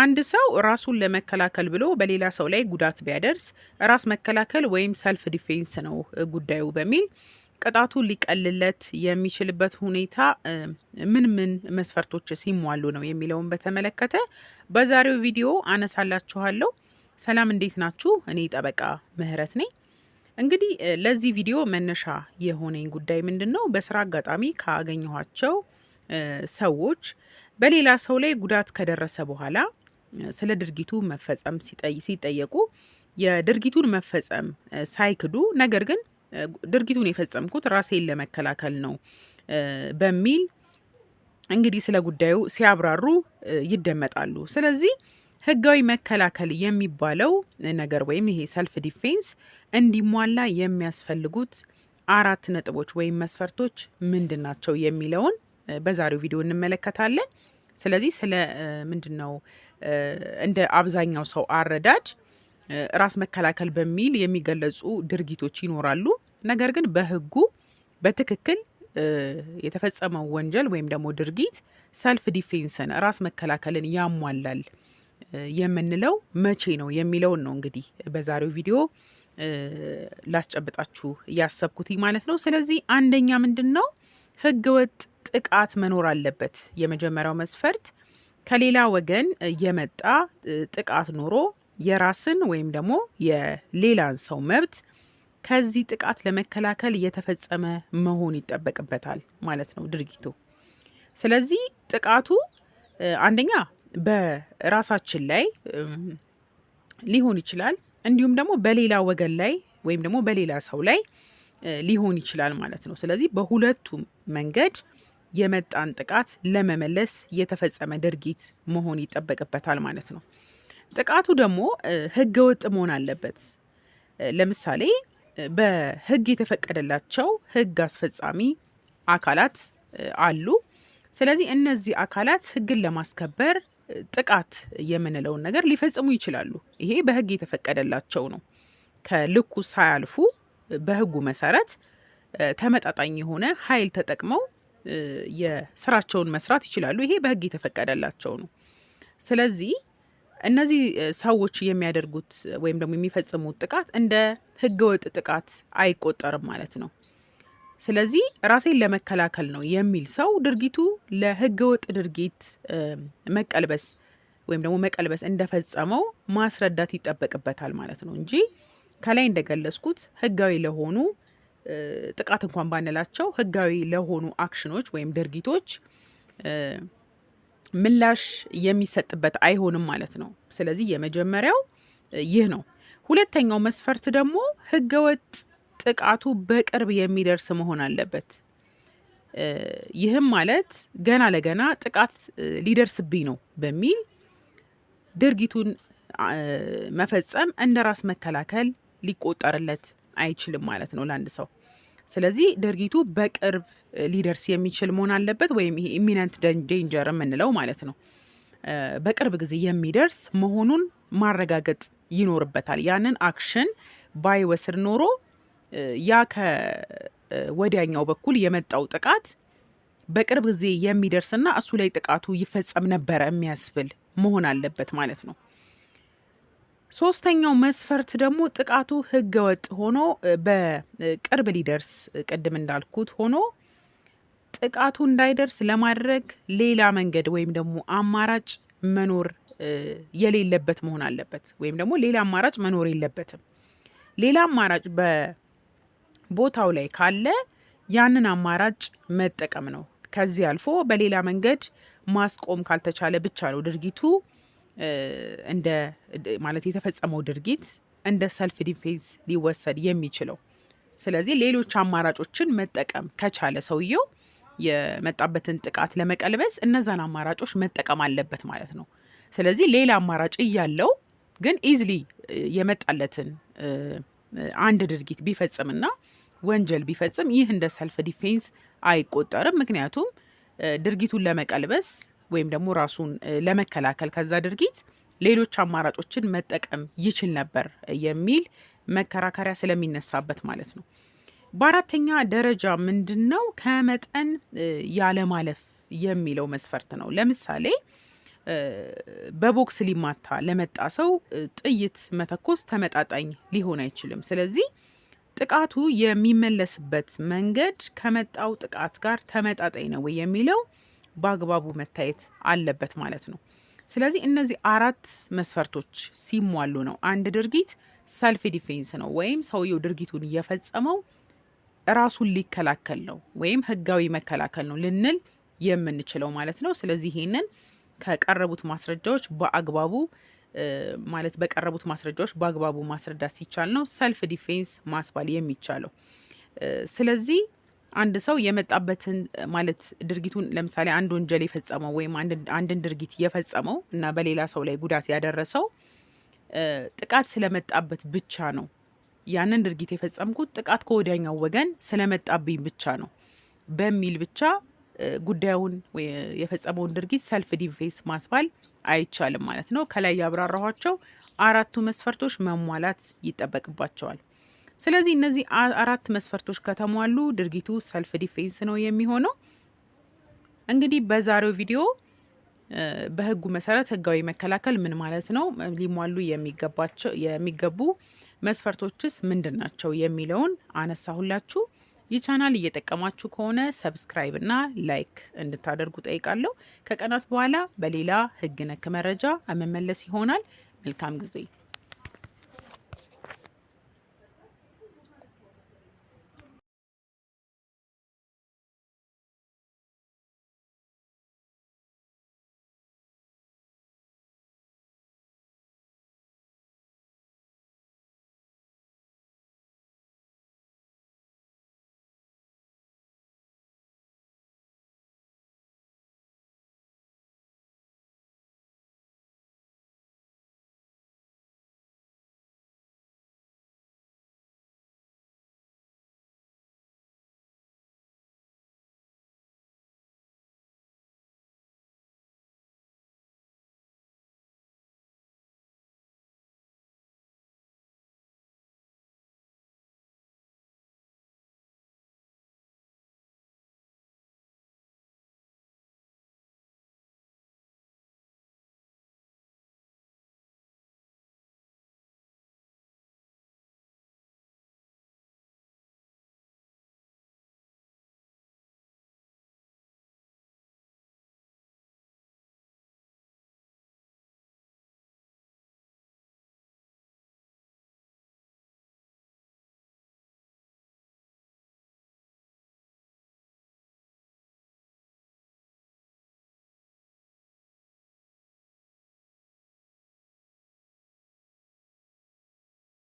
አንድ ሰው ራሱን ለመከላከል ብሎ በሌላ ሰው ላይ ጉዳት ቢያደርስ ራስ መከላከል ወይም ሰልፍ ዲፌንስ ነው ጉዳዩ በሚል ቅጣቱ ሊቀልለት የሚችልበት ሁኔታ ምን ምን መስፈርቶች ሲሟሉ ነው የሚለውን በተመለከተ በዛሬው ቪዲዮ አነሳላችኋለሁ። ሰላም እንዴት ናችሁ? እኔ ጠበቃ ምህረት ነኝ። እንግዲህ ለዚህ ቪዲዮ መነሻ የሆነኝ ጉዳይ ምንድን ነው? በስራ አጋጣሚ ካገኘኋቸው ሰዎች በሌላ ሰው ላይ ጉዳት ከደረሰ በኋላ ስለ ድርጊቱ መፈጸም ሲጠየቁ የድርጊቱን መፈጸም ሳይክዱ ነገር ግን ድርጊቱን የፈጸምኩት ራሴን ለመከላከል ነው በሚል እንግዲህ ስለ ጉዳዩ ሲያብራሩ ይደመጣሉ። ስለዚህ ህጋዊ መከላከል የሚባለው ነገር ወይም ይሄ ሰልፍ ዲፌንስ እንዲሟላ የሚያስፈልጉት አራት ነጥቦች ወይም መስፈርቶች ምንድን ናቸው የሚለውን በዛሬው ቪዲዮ እንመለከታለን። ስለዚህ ስለ ምንድን ነው እንደ አብዛኛው ሰው አረዳድ ራስ መከላከል በሚል የሚገለጹ ድርጊቶች ይኖራሉ። ነገር ግን በህጉ በትክክል የተፈጸመው ወንጀል ወይም ደግሞ ድርጊት ሰልፍ ዲፌንስን ራስ መከላከልን ያሟላል የምንለው መቼ ነው የሚለውን ነው እንግዲህ በዛሬው ቪዲዮ ላስጨብጣችሁ ያሰብኩት ማለት ነው። ስለዚህ አንደኛ ምንድን ነው ህገወጥ ጥቃት መኖር አለበት። የመጀመሪያው መስፈርት ከሌላ ወገን የመጣ ጥቃት ኖሮ የራስን ወይም ደግሞ የሌላን ሰው መብት ከዚህ ጥቃት ለመከላከል እየተፈጸመ መሆን ይጠበቅበታል ማለት ነው ድርጊቱ። ስለዚህ ጥቃቱ አንደኛ በራሳችን ላይ ሊሆን ይችላል፣ እንዲሁም ደግሞ በሌላ ወገን ላይ ወይም ደግሞ በሌላ ሰው ላይ ሊሆን ይችላል ማለት ነው። ስለዚህ በሁለቱም መንገድ የመጣን ጥቃት ለመመለስ የተፈጸመ ድርጊት መሆን ይጠበቅበታል ማለት ነው። ጥቃቱ ደግሞ ህገ ወጥ መሆን አለበት። ለምሳሌ በህግ የተፈቀደላቸው ህግ አስፈጻሚ አካላት አሉ። ስለዚህ እነዚህ አካላት ህግን ለማስከበር ጥቃት የምንለውን ነገር ሊፈጽሙ ይችላሉ። ይሄ በህግ የተፈቀደላቸው ነው። ከልኩ ሳያልፉ በህጉ መሰረት ተመጣጣኝ የሆነ ኃይል ተጠቅመው የስራቸውን መስራት ይችላሉ። ይሄ በህግ የተፈቀደላቸው ነው። ስለዚህ እነዚህ ሰዎች የሚያደርጉት ወይም ደግሞ የሚፈጽሙት ጥቃት እንደ ህገወጥ ጥቃት አይቆጠርም ማለት ነው። ስለዚህ ራሴን ለመከላከል ነው የሚል ሰው ድርጊቱ ለህገወጥ ድርጊት መቀልበስ ወይም ደግሞ መቀልበስ እንደፈጸመው ማስረዳት ይጠበቅበታል ማለት ነው እንጂ ከላይ እንደገለጽኩት ህጋዊ ለሆኑ ጥቃት እንኳን ባንላቸው ህጋዊ ለሆኑ አክሽኖች ወይም ድርጊቶች ምላሽ የሚሰጥበት አይሆንም ማለት ነው። ስለዚህ የመጀመሪያው ይህ ነው። ሁለተኛው መስፈርት ደግሞ ህገወጥ ጥቃቱ በቅርብ የሚደርስ መሆን አለበት። ይህም ማለት ገና ለገና ጥቃት ሊደርስብኝ ነው በሚል ድርጊቱን መፈጸም እንደ ራስ መከላከል ሊቆጠርለት አይችልም ማለት ነው ለአንድ ሰው። ስለዚህ ድርጊቱ በቅርብ ሊደርስ የሚችል መሆን አለበት፣ ወይም ይሄ ኢሚነንት ዴንጀር የምንለው ማለት ነው በቅርብ ጊዜ የሚደርስ መሆኑን ማረጋገጥ ይኖርበታል። ያንን አክሽን ባይወስድ ኖሮ ያ ከወዲያኛው በኩል የመጣው ጥቃት በቅርብ ጊዜ የሚደርስና እሱ ላይ ጥቃቱ ይፈጸም ነበረ የሚያስብል መሆን አለበት ማለት ነው። ሶስተኛው መስፈርት ደግሞ ጥቃቱ ህገወጥ ሆኖ በቅርብ ሊደርስ ቅድም እንዳልኩት ሆኖ ጥቃቱ እንዳይደርስ ለማድረግ ሌላ መንገድ ወይም ደግሞ አማራጭ መኖር የሌለበት መሆን አለበት፣ ወይም ደግሞ ሌላ አማራጭ መኖር የለበትም። ሌላ አማራጭ በቦታው ላይ ካለ ያንን አማራጭ መጠቀም ነው። ከዚህ አልፎ በሌላ መንገድ ማስቆም ካልተቻለ ብቻ ነው ድርጊቱ እንደ ማለት የተፈጸመው ድርጊት እንደ ሰልፍ ዲፌንስ ሊወሰድ የሚችለው። ስለዚህ ሌሎች አማራጮችን መጠቀም ከቻለ ሰውየው የመጣበትን ጥቃት ለመቀልበስ እነዛን አማራጮች መጠቀም አለበት ማለት ነው። ስለዚህ ሌላ አማራጭ እያለው ግን ኢዝሊ የመጣለትን አንድ ድርጊት ቢፈጽምና ወንጀል ቢፈጽም ይህ እንደ ሰልፍ ዲፌንስ አይቆጠርም። ምክንያቱም ድርጊቱን ለመቀልበስ ወይም ደግሞ ራሱን ለመከላከል ከዛ ድርጊት ሌሎች አማራጮችን መጠቀም ይችል ነበር የሚል መከራከሪያ ስለሚነሳበት ማለት ነው። በአራተኛ ደረጃ ምንድን ነው ከመጠን ያለማለፍ የሚለው መስፈርት ነው። ለምሳሌ በቦክስ ሊማታ ለመጣ ሰው ጥይት መተኮስ ተመጣጣኝ ሊሆን አይችልም። ስለዚህ ጥቃቱ የሚመለስበት መንገድ ከመጣው ጥቃት ጋር ተመጣጣኝ ነው ወይ የሚለው በአግባቡ መታየት አለበት ማለት ነው። ስለዚህ እነዚህ አራት መስፈርቶች ሲሟሉ ነው አንድ ድርጊት ሰልፍ ዲፌንስ ነው ወይም ሰውየው ድርጊቱን እየፈጸመው ራሱን ሊከላከል ነው ወይም ህጋዊ መከላከል ነው ልንል የምንችለው ማለት ነው። ስለዚህ ይሄንን ከቀረቡት ማስረጃዎች በአግባቡ ማለት በቀረቡት ማስረጃዎች በአግባቡ ማስረዳት ሲቻል ነው ሰልፍ ዲፌንስ ማስባል የሚቻለው። ስለዚህ አንድ ሰው የመጣበትን ማለት ድርጊቱን ለምሳሌ አንድ ወንጀል የፈጸመው ወይም አንድን ድርጊት የፈጸመው እና በሌላ ሰው ላይ ጉዳት ያደረሰው ጥቃት ስለመጣበት ብቻ ነው። ያንን ድርጊት የፈጸምኩት ጥቃት ከወዲያኛው ወገን ስለመጣብኝ ብቻ ነው በሚል ብቻ ጉዳዩን የፈጸመውን ድርጊት ሰልፍ ዲፌንስ ማስባል አይቻልም ማለት ነው። ከላይ ያብራራኋቸው አራቱ መስፈርቶች መሟላት ይጠበቅባቸዋል። ስለዚህ እነዚህ አራት መስፈርቶች ከተሟሉ ድርጊቱ ሰልፍ ዲፌንስ ነው የሚሆነው። እንግዲህ በዛሬው ቪዲዮ በህጉ መሰረት ህጋዊ መከላከል ምን ማለት ነው፣ ሊሟሉ የሚገባቸው የሚገቡ መስፈርቶችስ ምንድን ናቸው የሚለውን አነሳሁላችሁ። ይህ ቻናል እየጠቀማችሁ ከሆነ ሰብስክራይብ እና ላይክ እንድታደርጉ ጠይቃለሁ። ከቀናት በኋላ በሌላ ህግ ነክ መረጃ እመመለስ ይሆናል። መልካም ጊዜ